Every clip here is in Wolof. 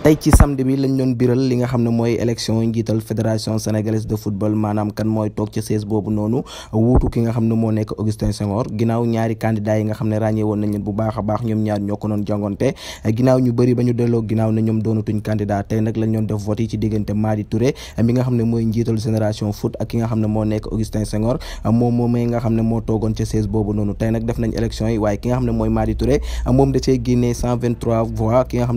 tey ci samedi bi lañ doon biral li nga xam ne mooy élection njiital fédération sénégalaise de football maanaam kan mooy toog ci siège boobu noonu wuutu ki nga xam ne moo nekk Augustin Senghor ginnaaw ñaari candidats yi nga ne ràññee woon nañ leen bu baax a baax ñaar ñoo ko noon jàngonte ginnaaw ñu bëri ba ñu delloo ginnaaw ne ñoom doonatuñ candidat tey nag lañ doon def vote nga xam ne mooy njiital génération foot ak ki nga xam ne moo nekk Augustin Senghor moom moom may ne moo toogoon ci siège boobu noonu tey nag def nañ élection yi waaye ki nga xam ne mooy Madi Touré moom da cee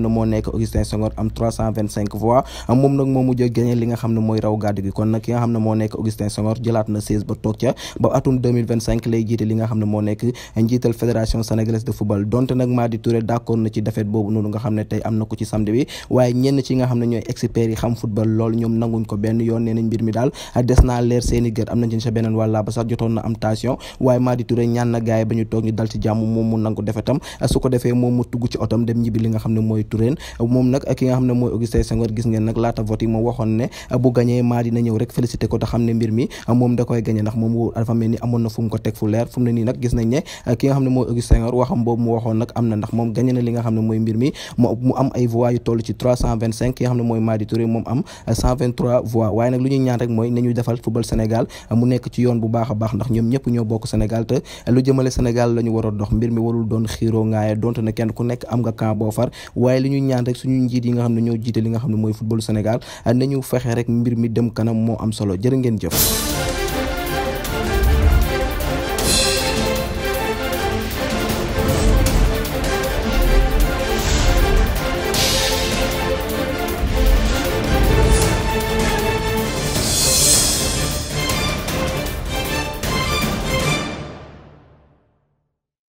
ne moo nekk Augustin Senghor Senghor am 325 voix moom nag moo mujj a gagné li nga xam ne mooy raw gàddu gi kon nag ki nga xam ne moo nekk Augustin Senghor jëlaat na 16 ba toog ca ba atum 2025 lay jiite li nga xam ne moo nekk njiital fédération sénégalaise na ci défaite boobu noonu bi waaye na am tension na gaay ba ñu toog ñu dal ci jàmm moom mu nangu defetam su ko defee moom mu tugg ci otam nga xam ne mooy Touré moom nag ki nga xam ne mooy Augustin Senghor gis ngeen laata vote yi waxoon ne uh, bu gañee maa dina ñëw rek félicité ko te xam ne mooy Augustin Senghor waxam boobu uh, uh, a baax ndax ñoom ñëpp ñoo bokk Sénégal te lu jëmale la ñu war dox mbir mi warul doon xiiroo ngaaye donte ne kenn ku nekk am nga camp far waaye lu ñuy ñaan rek suñu njiit yi nga xam ne ñoo jiite li nga xam ne mooy football Sénégal nañu fexe rek mbir mi dem kanam moo am solo jërë ngeen jëf